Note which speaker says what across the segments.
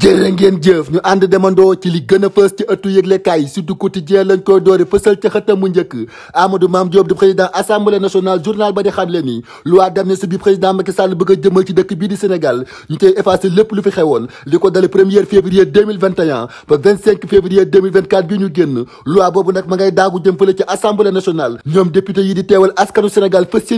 Speaker 1: jërë ngeen jëf ñu ànd demandoo ci li gën fës ci ëttu yëglekaay yi Sud lañ koy doori fësal ca xëtam mu njëkk Amadou Mame Diop di président assemblée nationale journal ba di xamle ni loi d'amnistie bi président Macky Sall bëgg jëmal ci dëkk bii di Sénégal ñu koy effacer lépp lu fi xewoon li ko dale 1 février ba février bi ñu génn loi boobu nag ma ngay daagu jëm fële ci assemblée nationale ñoom député yi di teewal askanu Sénégal fas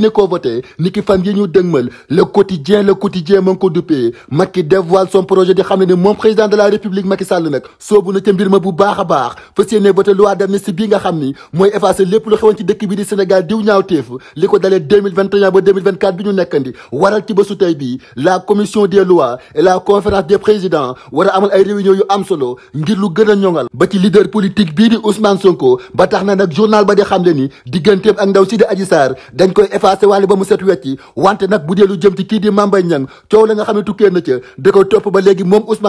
Speaker 1: moom président de la république Macky Sall nag soobu na ca mbir ma bu baax a baax fas yéene voté loi d'amnistie bi nga xam ni mooy effacé lépp lu xewoon ci dëkk bi di Sénégal diw ñaaw téef li ko dalee 2021 ba 2024 bi ñu nekkandi waral ci bésu tey bii la commission des lois la conférence des présidents war amal ay réunion yu am solo ngir lu gën a ba ci leader politique bii di Ousmane Sonko ba tax na nag journal ba di xamle ni digganteem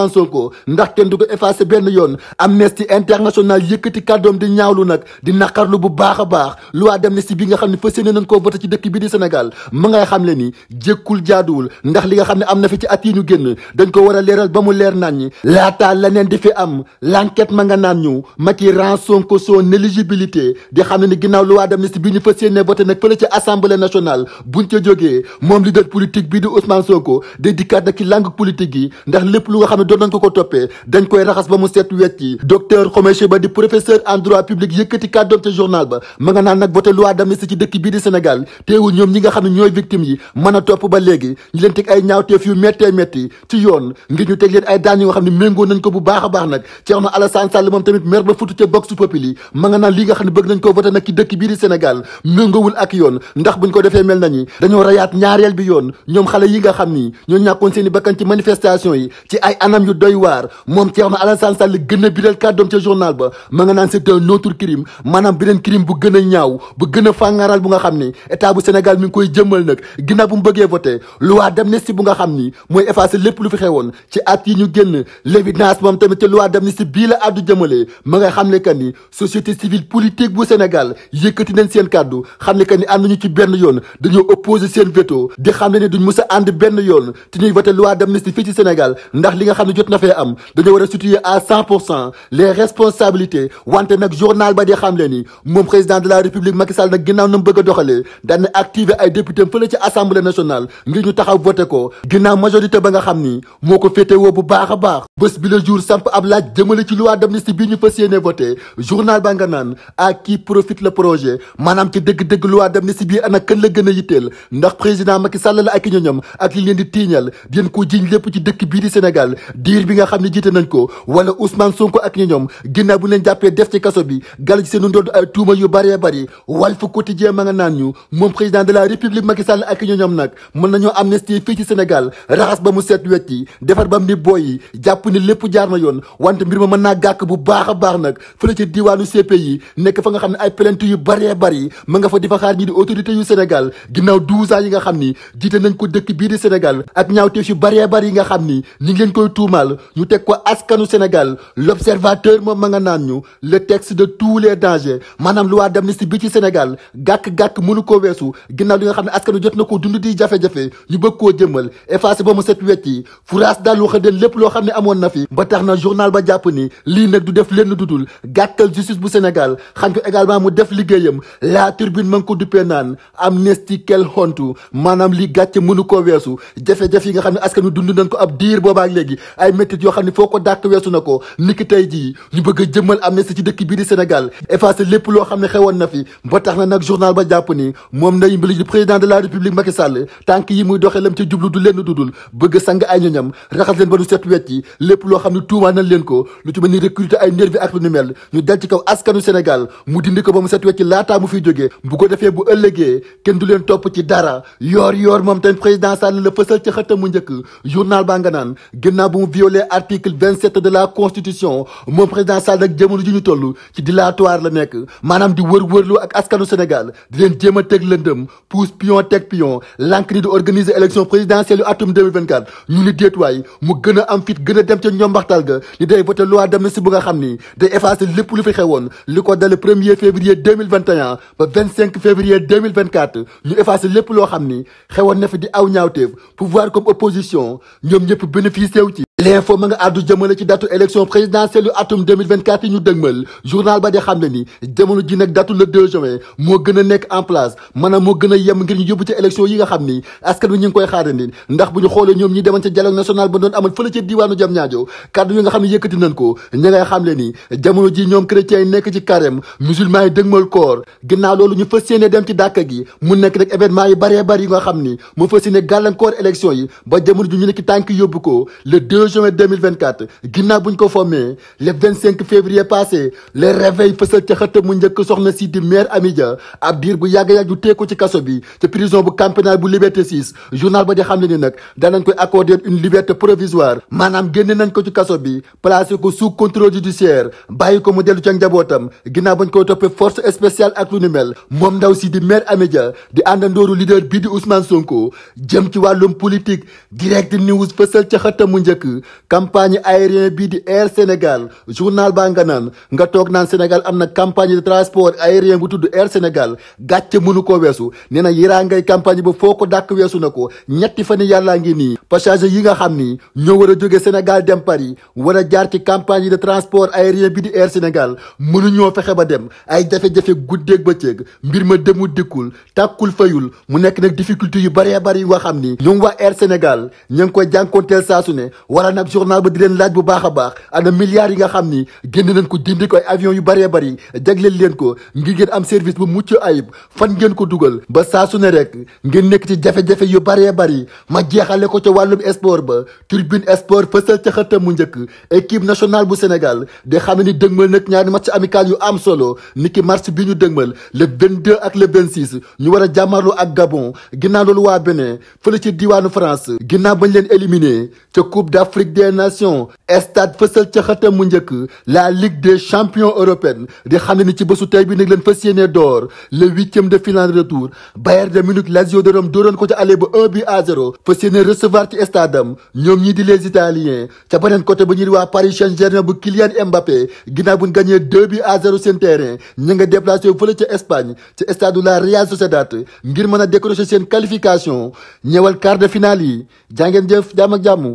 Speaker 1: Ousmane Sonko ndaxte du ko effacé benn yoon Amnesty International yëkkati kàddoom di ñaawlu nag di naqarlu bu baax a baax loi d'amnistie bi nga xam ne fas yéene nañ koo voté ci dëkk bi di Sénégal ma ngay xam le ni jékkul jaaduwul ndax li nga xam ne am na fi ci at yi ñu génn dañ ko war a leeral ba mu leer naan ñi la leneen di fi am l'enquête ma nga naan ñu ma ci rend Sonko son éligibilité di xam ne ni ginnaaw loi d'amnistie bi ñu fas yéene voté nag fële ci na nationale buñ ca jógee moom leader politique bi di Ousmane Sonko day dikkaat yi ko doon ko ko toppee dañ koy raxas ba mu seet wecc yi docteur Khomeche ba di professeur en droit public yëkkati kàddoom ca journal ba ma nga naan nag voté loi d'amnistie ci dëkk bii di Sénégal teewul ñoom ñi a topp ba léegi ñu leen teg leen ay daan yi nga xam ne méngoo bu baax a baax nag Thierno Alassane Sall moom tamit ba futu ca Vox Populi ma nga naan nga xam ne bëgg nañ ko voté nag ci dëkk bii di Sénégal méngoowul ak yoon ndax buñ ko defee mel nañi dañoo rayaat ñaareel bi yoon ñoom xale yi nga xam ni ñoo ñàkkoon seen i bakkan yi yu doy waar moom Thierno Alassane Sall gën a biral kàddoom ca journal ba ma nga naan c'est un autre crime maanaam beneen crime bu gën a ñaaw bu gën a bu nga xam ni état bu Sénégal mi ngi koy jëmmal nag ginnaaw bu mu bëggee voté loi d'amnistie bu nga xam ni mooy effacer lépp lu fi xewoon ci at yi ñu génn l'évidence moom tamit dem loi si bii la àddu jëmalee ma nga xam ne que ni société civile politique bu Sénégal yëkkati nañ seen kàddu xam ne que ni ànd ñu ci benn yoon dañoo opposé seen veto di xam ne ni duñ mës a ànd benn yoon te ñuy voté loi d'amnistie fii ci Sénégal xam jot na fee am dañoo war a situer à cent pour cent les responsabilités wante nag journal ba di xam le ni moom président de la république Macky Sall na ginnaaw na mu bëgg a doxalee daan na activer ay député fële ci assemblée nationale ngir ñu taxaw voté ko ginnaaw majorité ba nga xam ni moo ko féetewoo bu baax a baax bés bi le jour samp ab laaj jëmale ci dem ni d'amnistie bii ñu fas yéene voté journal ba nga naan a kii profit la projet maanaam ci dëgg-dëgg loi d'amnistie bii ana kan la gën a yitteel ndax président Macky Sall la ak i ñoñam ak di tiiñal di leen ko lépp ci dëkk bii di Sénégal diir bi nga xam ne jiite nañ ko wala Ousmane Sonko ak ñi ñoom ginnaaw bu leen jàppee def ci kaso bi gàll ci seenu ndodd ay tuuma yu bëree bëri Walf Quotidien ma nga naan ñu moom président la république Macky Sall ak ñi ñoom nag mën nañoo amnistie fii ci Sénégal ba seet wet yi defar ni booy jàpp ni lépp jaar na yoon wante mbir ma mën naa gàkk bu baax a baax nag fële ci diwaanu CPI nekk fa nga xam ne ay plainte yu bëree bëri ma nga fa di fa xaar ñi di autorité yu Sénégal ginnaaw 12 yi nga xam ni jiite nañ ko dëkk bii di Sénégal ak ñaawteef yu bëree bëri yi nga xam ni ñi ngi leen koy tuuma tuumaal ñu teg ko askanu Sénégal l'observateur moom ma nga naan ñu le texte de tous les dangers maanaam lu loi d'amnistie bi ci Sénégal gàkk-gàkk mënu ko weesu ginnaaw li nga xam ne askanu jot na ko dund di jafe-jafe ñu bëgg koo jëmmal effacé ba mu set wecc yi furaas daal wax dëgg lépp loo xam ne amoon na fi ba tax na journal ba jàpp ni lii nag du def lenn dudul gàkkal justice bu Sénégal xañ ko également mu def liggéeyam la turbine ma ngi ko duppee naan amnistie kel hontu maanaam li gàcce mënu koo weesu jafe yi nga xam ne askanu dund nañ ko ab diir ay métit yoo xam ne foo ko dàkk weesu na ko niki tey jii ñu bëgg a jëmmal amnistie ci dëkk bii di Sénégal effacé lépp loo xam ne xewoon na fi ba tax na nag journal ba jàpp ni moom Ndeye Mbili di président de la république Macky Sall tànk yi muy doxee lam ci jublu du lenn dul bëgg sang ay ñoñam raxas leen ba du set wecc yi lépp loo xam ne tuumaa nañ leen ko lu ci mel ni recruter ay nervi ak lu nu mel ñu dal ci kaw askanu Sénégal mu dindi ko ba mu set wecc laataa mu fiy jógee bu ko defee bu ëllëgee kenn du leen ci dara yoor yoor moom tamit président Sall la fësal ci xëtta mu njëkk journal baa nga naan gënnaaw bu mu violé article vingt sept de la constitution moom président Sall nag jamono ji ñu toll ci dilatoire la nekk maanaam di wër-wërlu ak askanu Sénégal di leen jéem a teg lëndëm pousse pion teg pion lànk ni di organiser élection présidentielle yu atum 2024 ñu ni déetuwaay mu gën a am fit gën a dem ca njombaxtal ga ni day voté loi d'amnistie bu nga xam ni day effacer lépp lu fi xewoon li ko dale premier février 2021 ba 25 février 2024 ñu effacer lépp loo xam ni xewoon na fi di aw ñaawteef pouvoir comme opposition ñoom ñëpp bénéficié wu ci l'info ma nga àddu jëmale ci datu élection présidentielle yu atum yi ñu dëgmal journal ba di xam ne ni jamono ji nag datu le 2 juin moo gën a nekk en place maanaam moo gën a yem ngir ñu yóbbu ci élection yi nga xam ni askan wi ñu ngi koy xaarandi ndax bu ñu ñoom ñi demoon ca dialogue national ba doon amal fële ca diwaanu Diamniadio kàddu yi nga xam ne yëkkati nañ ko ña xam ne ni jamono ji ñoom chrétiens yi nekk ci carême musulmans yi dëgmal koor juin 2024 ginnaaw bu ñu ko formé le 25 février passé le réveil fësal ca xëtt mu njëkk soxna si di maire Amidia ab diir bu yàgg yàgg ju teeku ci kaso bi te prison bu camp bu liberté 6 journal ba di xam ne ni nag danañ koy accorder une liberté provisoire maanaam génne nañ ko ci kaso bi placé ko sous contrôle judiciaire bàyyi ko mu dellu ca njabootam ginnaaw bañ koy toppee force spéciale ak lu ni mel moom ndaw si di maire Amidia di àndandooru leader bii di Ousmane Sonko jëm ci wàllum politique direct news fësal ca xëtt mu njëkk campagne aérien bii di Air Sénégal journal ba nga naan nga toog naan Sénégal am na campagne de transport aérien bu tudd Air Sénégal gàcce mënu ko weesu nee na yiraa ngay campagne ba foo ko dàkk weesu na ko ñetti fan yàllaa ngi nii passager yi nga xam ni ñoo war a joge Sénégal dem Paris war a jaar ci campagne de transport aérien bi di Air Sénégal mënuñoo fexe ba dem ay jafe-jafe ba bëccëg mbir ma demul dikkul tàkkul fayul mu nekk nag difficulté yu bëree bëri yu xam ni Arana journal ba di leen laaj bu baax a baax ana milliards yi nga xam ni génn nañ ko dindi ko ay avions yu bëree bëri jagleel leen ko ngir ngeen am service bu mucc ayib fan ngeen ko dugal ba saa su ne rek ngeen nekk ci jafe-jafe yu bëree bëri ma jeexale ko ca wàllum sport ba tribune sport fësal ca xëttam mu njëkk équipe nationale bu Sénégal di xam ne ni dëgmal nag ñaari match amical yu am solo niki match bi ñu dëgmal le 22 ak le 26 ñu war a jàmmarloo ak Gabon ginnaaw loolu waa Benin fële ci diwaanu France ginnaaw bañ leen éliminé ca coupe d'Afrique Afrique des Nations stade fësal ca xëtam mu njëkk la Ligue des champion européenne di xam ne ni ci bésu tey bi nag leen fas yéene door le huitième de finale retour Bayern de Munich Lazio de Rome dooroon ko ca aller ba 1 bi à 0 fas yéene recevoir ci stade am ñoom ñii di les italiens ca beneen côté ba ñuy di waa Paris Saint-Germain bu Kylian Mbappé ginnaaw bu gagné bi à 0 seen terrain ñu nga ca Espagne ca stade jàngeen jëf jàmm ak jàmm